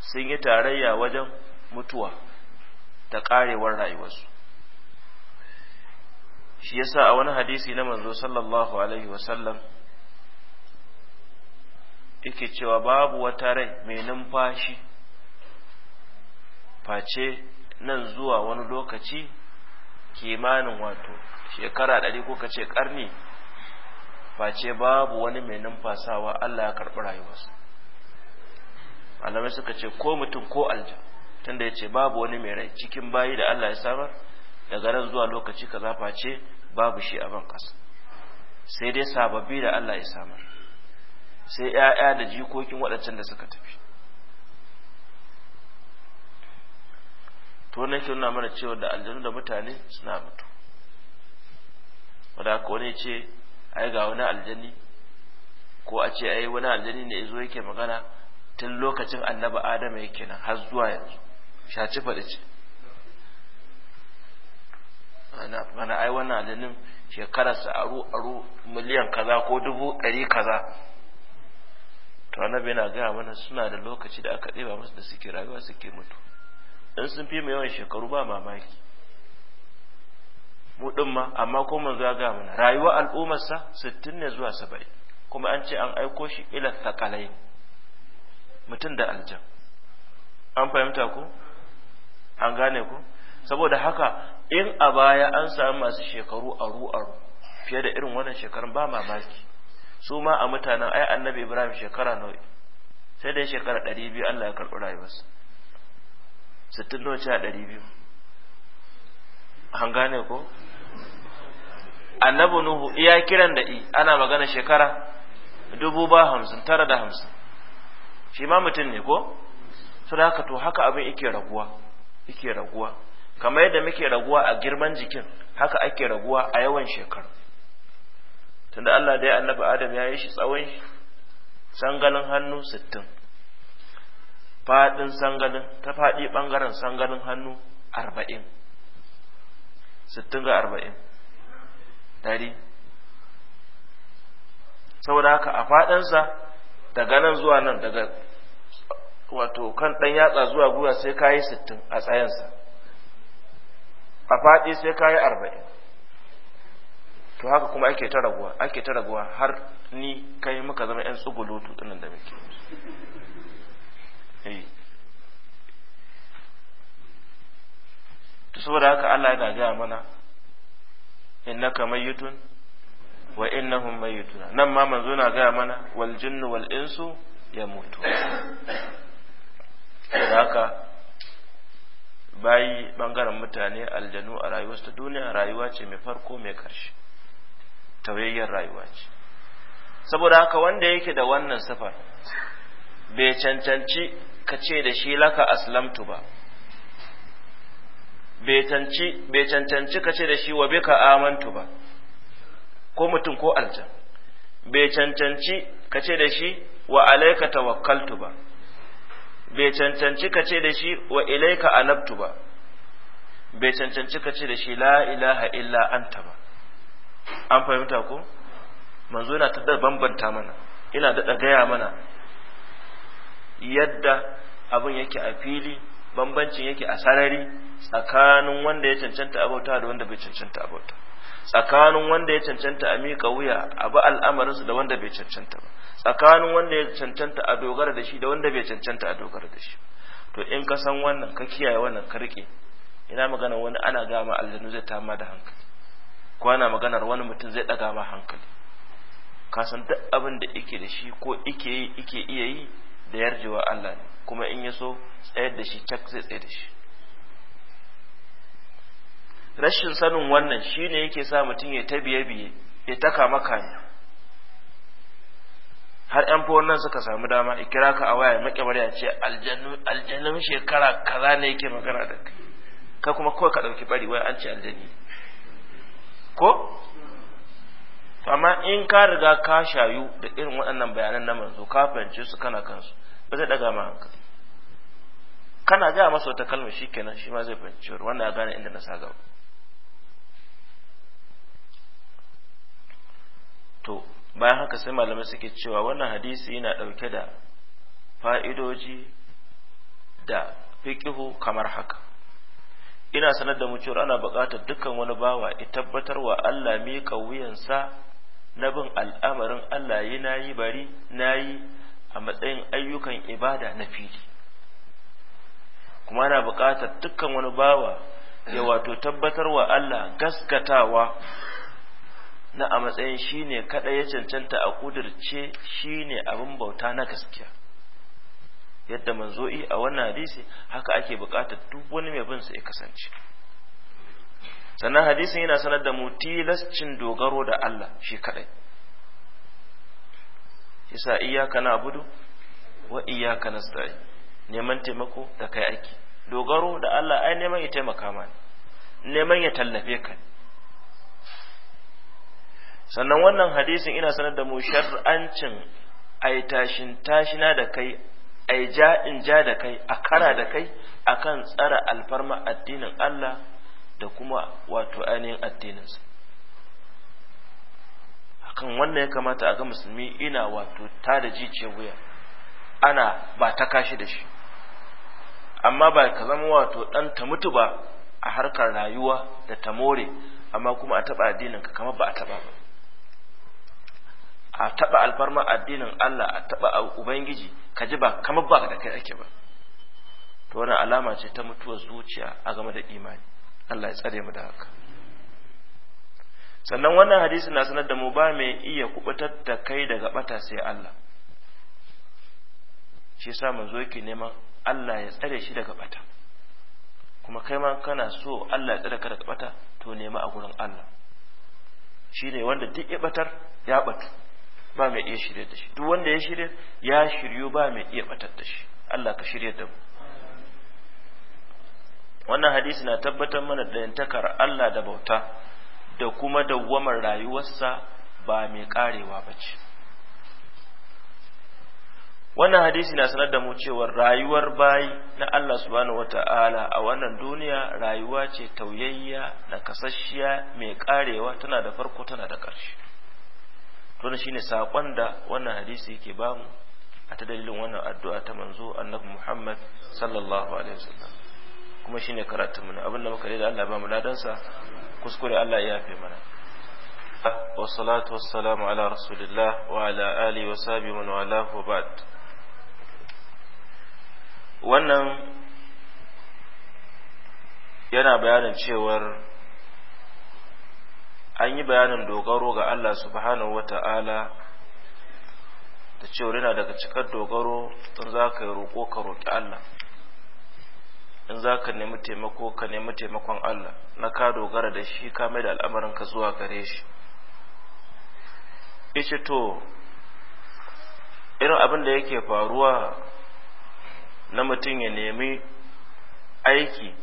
sun yi tarayya wajen mutuwa ta ƙarewar rayuwarsu shi yasa a wani hadisi na manzo sallallahu alaihi wasallam yake cewa babu wata rai mai numfashi face nan zuwa wani lokaci kimanin wato shekara ɗari ko kace ƙarni face babu wani mai numfasawa Allah ya karɓi rayuwarsa malamai suka ce ko mutum ko alja tunda ya ce babu wani mai rai cikin bayi da Allah ya samar daga nan zuwa lokaci kaza face babu shi a ban sai dai sababbi da Allah ya samar sai ‘ya'ya da jikokin waɗancan da suka tafi to wannan ke nuna mana cewa da aljanu da mutane suna mutu wadda haka wani ce ai ga wani aljani ko a ce ai wani aljani ne zo yake magana tun lokacin annaba adama yake nan har zuwa yanzu shaci faɗi ce mana ai wannan aljanin sa aru aru miliyan kaza ko dubu ɗari kaza to annabi yana gaya mana suna da lokaci da aka ɗeba musu da suke rayuwa suke mutu in sun fi mai yawan shekaru ba mamaki mu din ma amma ko manzo ya ga mana rayuwar al'ummar sa 60 ne zuwa 70 kuma an ce an aiko shi ila thaqalain mutum da aljan an fahimta ko an gane ko saboda haka in a baya an samu masu shekaru aru aru fiye da irin wannan shekarun ba mamaki su ma a mutanen ai annabi ibrahim shekara nawa sai dai shekara 200 Allah ya karɓi rayuwarsa sittin noci a ɗari biyu an gane ko annabi nuhu iya kiran da i ana magana shekara dubu ba hamsin tara da hamsin shi ma mutum ne ko su da haka to haka abin ike raguwa ike raguwa kamar yadda muke raguwa a girman jikin haka ake raguwa a yawan shekaru tunda Allah ya annabi Adam ya yi shi tsawon sangalin hannu sittin faɗin sangalin ta faɗi ɓangaren sangalin hannu arba'in sittin ga arba'in dari saboda haka a sa daga nan zuwa nan daga wato kan ɗan yatsa zuwa gwiwa sai ka yi sittin a tsayensa a faɗi sai ka yi arba'in to haka kuma ake ta raguwa ake ta raguwa har ni kai muka zama 'yan tsugulutu ɗinan da muke Eh. to saboda haka Allah yana gaya mana innaka mayyitun wa innahum mayyituna nan ma manzo na gaya mana wal jinnu wal insu mutu. saboda haka bayi bangaren mutane aljanu a rayuwarsu ta duniya rayuwa ce mai farko mai karshe tawayayyar rayuwa ce saboda haka wanda yake da wannan sifar bai cancanci ka ce da shi laka aslamtu ba bai cancanci ka ce da shi wa bika amantu ba ko mutum ko aljan bai cancanci ka ce da shi wa alaika tawakkaltu ba bai cancanci ka ce da shi wa ilaika anabtu ba bai cancanci ka ce da shi la ilaha illa anta ba an fahimta ko manzo yana ta bambanta mana ina daɗa gaya mana yadda abin yake a fili bambancin yake a sarari tsakanin wanda ya cancanta abauta da wanda bai cancanta abauta tsakanin wanda ya cancanta a miƙa wuya a bi al'amarinsa da wanda bai cancanta ba tsakanin wanda ya cancanta a dogara da shi da wanda bai cancanta a dogara da shi to in ka san wannan ka kiyaye wannan ka rike ina magana wani ana gama aljanu zai tama da hankali ko ana maganar wani mutum zai ɗaga ma hankali ka san duk abin da ike da shi ko ike yi ike iya yi da yarjewa Allah kuma in ya so tsayar da shi cak zai tsaye da shi rashin sanin wannan shine yake sa mutum ya ta biye ya taka maka har yan fi wannan suka samu dama ya kira ka a waya ya maƙe ya ce aljanun shekara kaza ne yake magana da kai ka kuma kawai ka ɗauki bari wai an ce aljani ko to amma in ka riga ka shayu da irin waɗannan bayanan na manzo ka fahimce su kana kansu ba zai daga ma hankali kana ga masa wata kalma shi kenan shi ma zai fahimci wannan ya gane inda na sa gaba to bayan haka sai malamai suke cewa wannan hadisi yana ɗauke da fa'idoji da fiƙihu kamar haka ina sanar da mu cewa ana buƙatar dukkan wani bawa ya tabbatar wa Allah miƙa wuyansa na bin al'amarin Allah yi na yi bari na yi a matsayin ayyukan ibada na fili kuma na buƙatar dukkan wani bawa ya wato tabbatar wa Allah gaskatawa na a matsayin shi ne kaɗai ya cancanta a ƙudurce shi ne abin bauta na gaskiya yadda manzo'i a wannan hadisi haka ake buƙatar duk wani mai bin sa ya kasance sannan hadisin yana sanar da mu tilascin dogaro da Allah shi kadai yasa iyyaka abudu wa iyyaka nasta'in neman taimako da kai aiki dogaro da Allah ai neman ya taimaka ma neman ya tallafe ka sannan wannan hadisin ina sanar da mu shar'ancin ai tashin tashina da kai ai ja in ja da kai a kara da kai akan tsara alfarma addinin Allah da kuma wato ainihin addininsa hakan wannan ya kamata a ga musulmi ina wato ta da jiciyar wuya ana ba ta kashi da shi amma ba ka zama wato ɗan ta mutu ba a harkar rayuwa da ta more amma kuma a taɓa addinin ka kamar ba a taɓa ba a taɓa alfarma addinin Allah a taɓa ubangiji ka ji ba kamar ba da kai ake ba to wannan alama ce ta mutuwar zuciya a game da imani Allah ya tsare mu da haka sannan wannan hadisi na sanar da mu ba mai iya kubutar da kai daga bata sai Allah shi yasa zo yake neman Allah ya tsare shi daga bata kuma kai ma kana so Allah ya tsare ka daga bata to nema a gurin Allah shi ne wanda duk ya batar ya batu ba mai iya shirye da shi duk wanda ya shirye ya shiryu ba mai iya batar da shi Allah ka shirye da mu wannan hadisi na tabbatar mana da yantakar Allah da bauta da kuma dawwamar rayuwarsa ba mai karewa ba ce wannan hadisi na sanar da mu cewar rayuwar bayi na Allah subhanahu wata'ala a wannan duniya rayuwa ce tauyayya na kasasshiya mai karewa tana da farko tana da ƙarshe shi ne saƙon da wannan hadisi yake bamu a ta dalilin wannan addu'a ta manzo annabi Muhammad sallallahu alaihi wasallam kuma shine karatun mu abin da muka yi da Allah ba mu ladansa kuskure Allah ya yafe mana wa salatu wassalamu ala rasulillah wa ala ali wa sahbihi wa ala ba'd wannan yana bayanin cewar an yi bayanin dogaro ga Allah subhanahu wata'ala da cewar yana daga cikar dogaro tun za ka yi roƙo ka roƙi Allah in za ka nemi taimako ka nemi taimakon Allah na ka dogara da shi ka mai da al'amarinka zuwa gare shi ice to irin abin da yake faruwa na mutum ya nemi aiki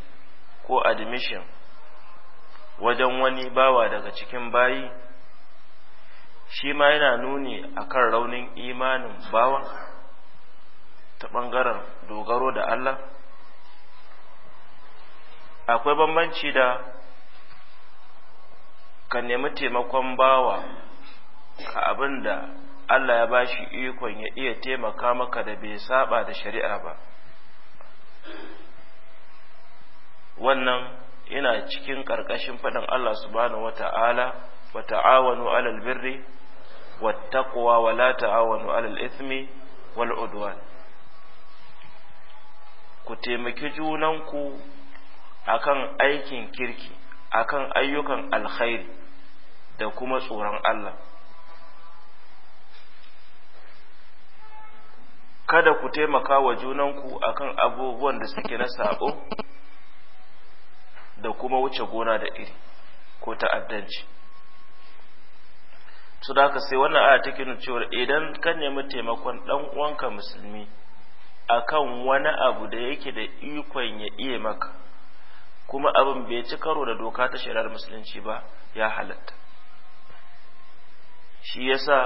ko admission wajen wani bawa daga cikin bayi shi ma yana nuni akan raunin imanin bawa ta ɓangaren dogaro da Allah akwai bambanci da ka nemi taimakon bawa ka abin da Allah ya bashi ikon ya iya taimaka maka da bai saba da shari'a ba wannan ina cikin ƙarƙashin faɗin Allah subhanahu wata'ala wa ta'awanu alal birri wattaqwa wa la ta'awanu alal ithmi wal udwan ku taimaki junanku akan aikin kirki akan ayyukan alkhairi da kuma tsoron Allah kada ku taimaka wa junanku akan abubuwan da suke na sabo da kuma wuce gona da iri ko ta'addanci su da ka sai wannan aya take nuna cewa idan ka nemi taimakon dan uwanka musulmi akan wani abu da yake da ikon ya iya maka kuma abin bai ci karo da doka ta shari'ar musulunci ba ya halatta shi yasa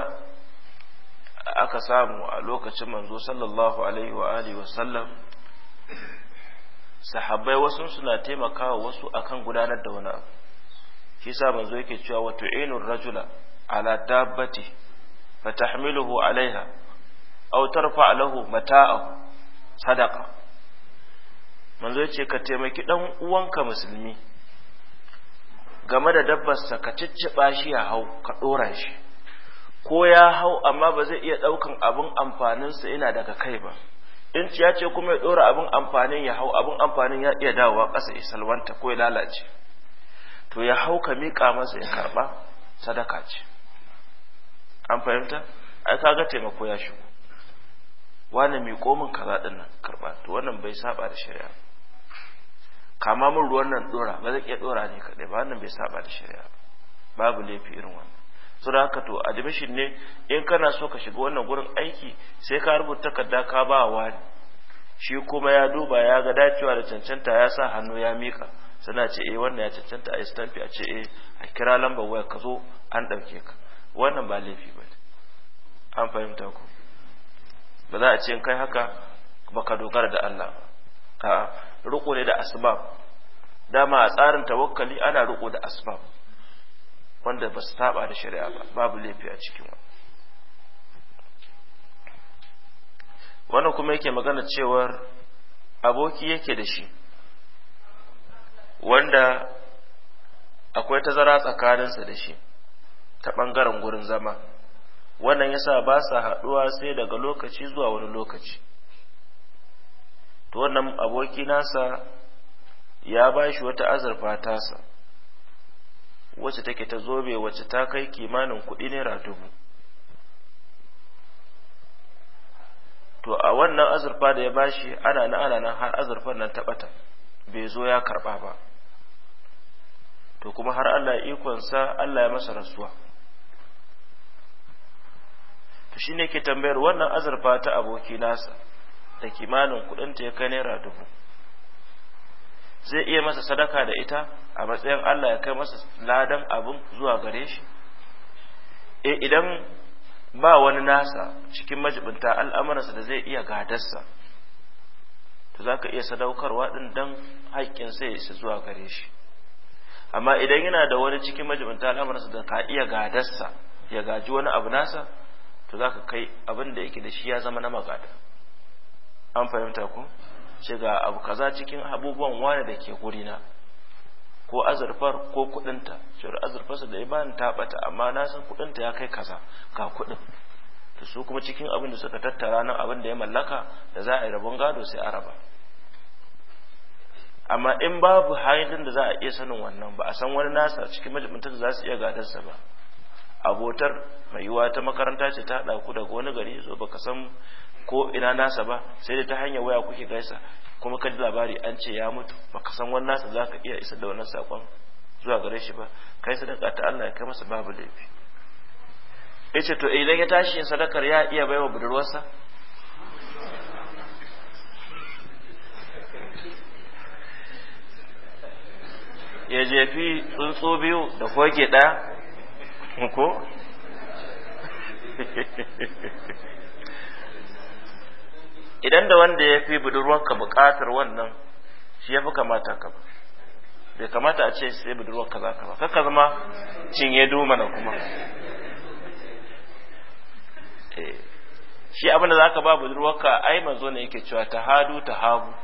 aka samu a lokacin manzo sallallahu alaihi wa alihi wa sallam sahabbai wasu suna taimakawa wasu akan gudanar da wani abu shi yasa manzo yake cewa wa tu'inur rajula ala dabbati fa fatahmiluhu alaiha aw tarfa lahu mata'ahu sadaqa manzo ce ka taimaki dan uwanka musulmi game da sa ka cicciba shi ya hau ka ɗora shi ko ya hau amma ba zai iya ɗaukan abin amfaninsa ina daga kai ba in ya ce kuma ya ɗora abin amfanin ya hau abin amfanin ya iya dawowa ƙasa ya salwanta ko ya lalace to ya hau ka miƙa masa ya karɓa sadaka ce an fahimta ai ka ga taimako ya shigo wani miƙo min kaza ɗin nan karɓa to wannan bai saba da shari'a kama mun ruwan nan dora ba zai iya dora ne kadai ba wannan bai saba da shari'a babu laifi irin wannan su da haka to admission ne in kana so ka shiga wannan gurin aiki sai ka rubuta takarda ka ba wa shi kuma ya duba ya ga dacewa da cancanta ya sa hannu ya mika sana ce eh wannan ya cancanta a yi stamfi a ce eh a kira lambar waya ka zo an ɗauke ka wannan ba laifi ba an fahimta ku ba za a ce in kai haka ba ka dogara da Allah ba a'a riko ne da asbab dama a tsarin tawakkali ana riko da asbab wanda ba su saba da shari'a ba babu laifi a cikin wa. wannan kuma yake magana cewar aboki yake da shi wanda akwai tazara tsakaninsa da shi ta ɓangaren gurin zama wannan yasa ba sa haɗuwa sai daga lokaci zuwa wani lokaci to wannan aboki nasa ya bashi wata azurfa tasa wacce take ta zobe wacce ta kai kimanin kuɗi naira dubu to a wannan azurfa da ya bashi ana na ana nan har azurfan nan ta bata bai zo ya karɓa ba to kuma har Allah ya ikonsa Allah ya masa rasuwa to shine ke tambayar wannan azurfa ta aboki nasa da kimanin kudinta ya kai naira dubu zai iya masa sadaka da ita a matsayin Allah ya kai masa ladan abin zuwa gare shi e idan ba wani nasa cikin majibinta al'amuransa da zai iya gadarsa to za ka iya sadaukarwa ɗin don haƙƙin sai isa zuwa gare shi amma idan yana da wani cikin majibinta al'amuransa da ka iya gadarsa ya gaji wani abu nasa to za ka kai abin da yake da shi ya zama na magada an fahimta ku ce ga abu kaza cikin abubuwan wani da ke gurina ko azurfar ko kudinta shirin azurfarsa da imanin ta bata amma na san kudinta ya kai kaza ga kudin to su kuma cikin abin da suka tattara nan abin da ya mallaka da za a yi rabon gado sai a raba amma in babu halin da za a iya sanin wannan ba a san wani nasa cikin majibinta da za su iya gadarsa ba abotar mai yiwuwa ta makaranta ce ta haɗa daga wani gari zo baka san ko ina nasa ba sai da ta hanyar waya kuke gaisa kuma kaji labari an ce ya mutu baka san wannan nasa zaka iya isa da wannan sakon zuwa gare shi ba kai sadaka ta Allah ya kai masa babu laifi yace to idan ya tashi yin sadakar ya iya baiwa budurwarsa ya jefi tsuntsu biyu da koke ɗaya ko idan da wanda ya fi budurwanka buƙatar wannan shi ya fi kamata ka ba bai kamata a ce sai budurwanka za ka ba kakka zama cinye mana kuma eh, shi abinda za ka ba a ai mazo ne yake cewa ta hadu ta hagu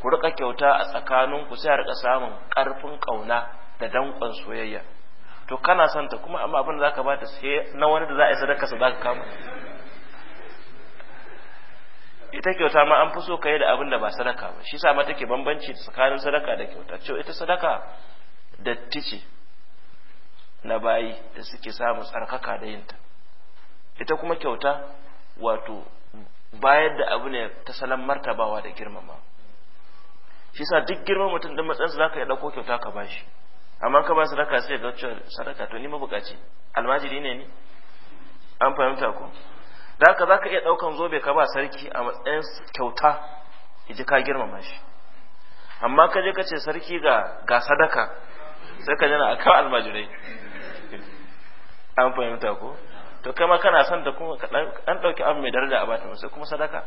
ku rika kyauta a tsakaninku sai a rika samun ƙarfin ƙauna da danƙon soyayya to kana son ta kuma amma abin da ba ta sai na wani da za a yi sadaka za ka kama ita kyauta ma an fi so ka yi da abin da ba sadaka ba shi sa ma take bambanci tsakanin sadaka da kyauta cewa ita sadaka da tice na bayi da suke samun tsarkaka da yinta ita kuma kyauta wato bayar da abu ne ta salon martabawa da girmama shi sa duk girman mutum din matsansa za ka yi ɗauko kyauta ka bashi amma ka ba sadaka sai ga cewa sadaka to ni mabukaci almajiri ne ni an fahimta ko da haka zaka iya daukan zobe ka ba sarki a matsayin kyauta ji ka girmama shi amma ka je ka ce sarki ga ga sadaka sai ka jana akan almajirai an fahimta ko to kai ma kana son da kuma an dauki abu mai daraja a bata sai kuma sadaka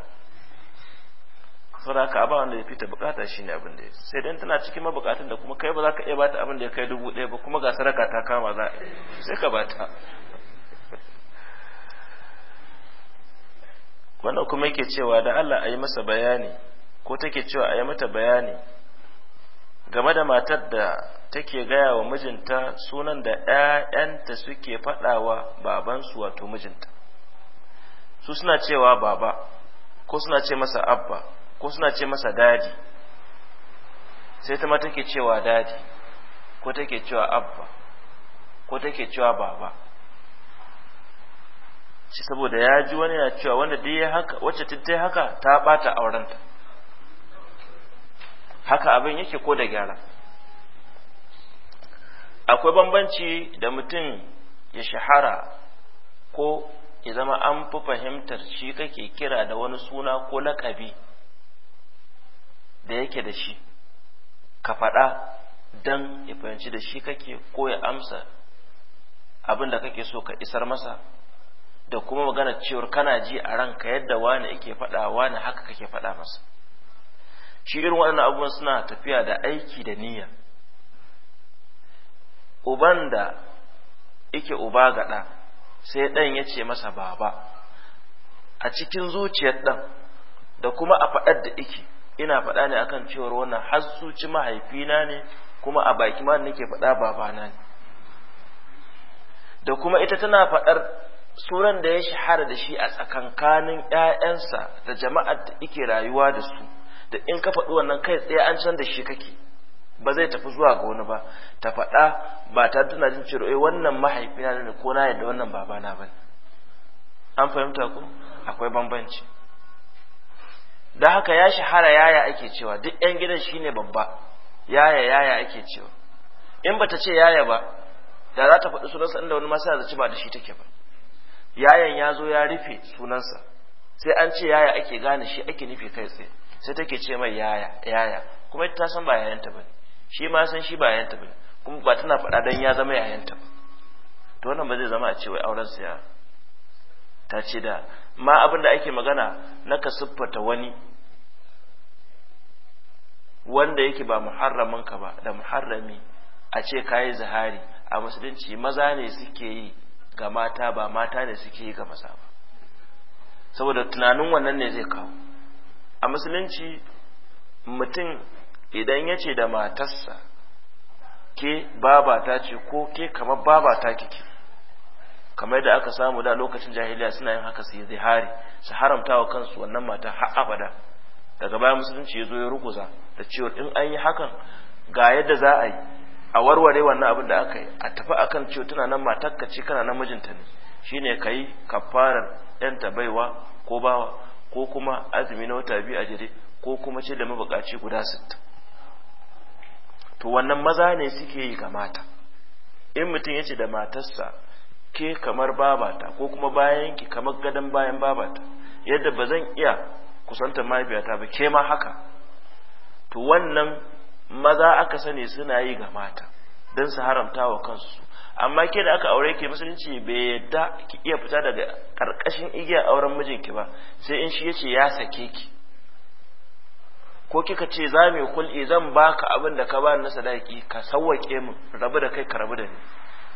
sadaka ba wanda ya fita bukata shine abin da sai dan tana cikin mabukatun da kuma kai ba za ka iya bata abin da ya kai dubu ɗaya ba kuma ga sadaka ta kama za sai ka bata wannan kuma yake cewa da Allah a yi masa bayani ko take cewa a yi mata bayani game da matar da take gaya wa mijinta sunan da ‘ya'yanta suke faɗawa babansu wato mijinta su suna cewa baba ko suna ce masa abba ko suna ce masa dadi sai ta ma take cewa dadi ko take cewa abba ko take cewa baba shi saboda ya ji wani na cewa wanda dai ya haka wacce tattai haka ta bata aurenta haka abin yake ko da gyara akwai bambanci da mutum ya shahara ko ya zama an fi fahimtar shi kake kira da wani suna ko lakabi da yake da shi ka faɗa don ya fahimci da shi kake ko ya amsa abin da kake so ka isar masa da kuma magana cewar kana ji a ranka yadda wani yake faɗa wani haka kake faɗa masa shi irin waɗannan abubuwan suna tafiya da aiki da niyya uban da yake uba ga ɗa sai ɗan ya ce masa baba a cikin zuciyar ɗan da kuma a faɗar da yake ina faɗa ne akan cewar wannan har zuci mahaifina ne kuma a baki ma nake faɗa babana ne da kuma ita tana faɗar suran da ya shahara da shi a tsakankanin ƴaƴansa da jama'ar da ike rayuwa da su da in ka faɗi wannan kai tsaye an can da shi kake ba zai tafi zuwa ga wani ba ta faɗa ba ta tana jin cewa eh wannan mahaifina ne ko na yadda wannan babana ba an fahimta ku akwai bambanci da haka ya shahara yaya ake cewa duk ‘yan gidan shine babba yaya yaya ake cewa in bata ce yaya ba da za ta faɗi sunansa inda wani masu da ci ba da shi take ba yayan ya zo ya rufe sunansa sai an ce yaya ake gane shi ake nufi kai tsaye sai take ce mai yaya yaya kuma ta san ba yayanta ba shi ma san shi ba yayanta ba kuma ba tana faɗa dan ya zama yayanta ba to wannan ba zai zama a ce wai auren sa ya ta ce da ma abin da ake magana na ka siffata wani wanda yake ba muharramin ka ba da muharrami a ce kayi zahari a musulunci maza ne suke yi ga mata ba mata ne suke yi ga maza ba saboda tunanin wannan ne zai kawo a musulunci mutum idan ya ce da matarsa ke baba ta ce ko ke kamar babata kike kamar da aka samu da lokacin jahiliya suna yin haka su yi zihari su haramta wa kansu wannan mata har abada daga baya musulunci ya zo ya ruguza da cewa in an yi hakan ga yadda za a yi a warware wannan abin da aka yi a tafi akan cewa tana nan matakka ce kana nan mijinta ne shine kai kafarar yanta baiwa ko bawa ko kuma azumi na wata biyu a jere ko kuma ce da mabukaci guda sittin to wannan maza ne suke yi ga mata in mutum ya ce da matarsa ke kamar babata ko kuma bayan ki kamar gadon bayan babata yadda ba zan iya kusantar mahaifiyata ba ke ma haka to wannan maza aka sani suna yi ga mata don su haramta wa kansu amma ke da aka aure ke musulunci bai yadda ki iya fita daga karkashin igiyar auren mijinki ba sai in shi yace ya sake ki ko kika ce za mu kulli zan baka abin da ka ba na sadaki ka sawwake mu rabu da kai ka rabu da ni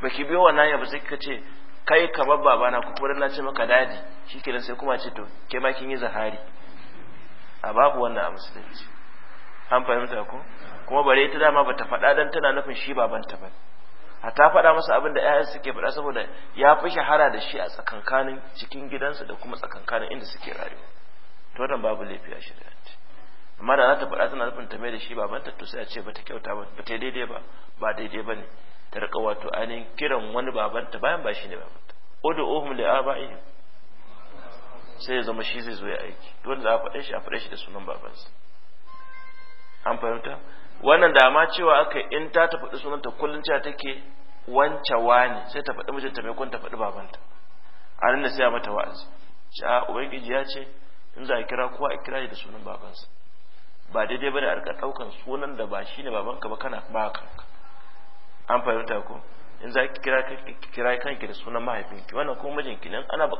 baki biyo wannan ya ba sai kika ce kai ka kamar babana ko kuma na ce maka dadi shikenan sai kuma ce to ke ma kin yi zahari a babu wannan a musulunci an fahimta ko kuma bare ta dama bata faɗa dan tana nufin shi babanta ba. a ta faɗa masa abin da ƴaƴansu suke faɗa saboda ya fi shahara da shi a tsakankanin cikin gidansa da kuma tsakankanin inda suke rayuwa to wannan babu laifi a shirya amma da za ta faɗa tana nufin ta mai da shi babanta to sai a ce bata kyauta ba ba ta daidai ba ba daidai ba ne ta riƙa wato ainihin kiran wani babanta bayan ba shi ne babanta da da ud'uhum ba'in sai ya zama shi zai zo ya aiki wanda za a faɗe shi a faɗe shi da sunan babansa an fahimta wannan dama cewa aka in ta ta faɗi sunanta kullum cewa take wance wani sai ta faɗi mijinta mai kun ta faɗi babanta a nan da sai mata wa'azi shi a ah, ubangiji ya ce in za a kira kowa a kira shi da sunan babansa ba daidai bane a rika ɗaukan sunan da ba shine babanka ba kana ba kanka an fahimta ko in za ki kira kira kanki da sunan mahaifinki wannan kuma mijinki nan ana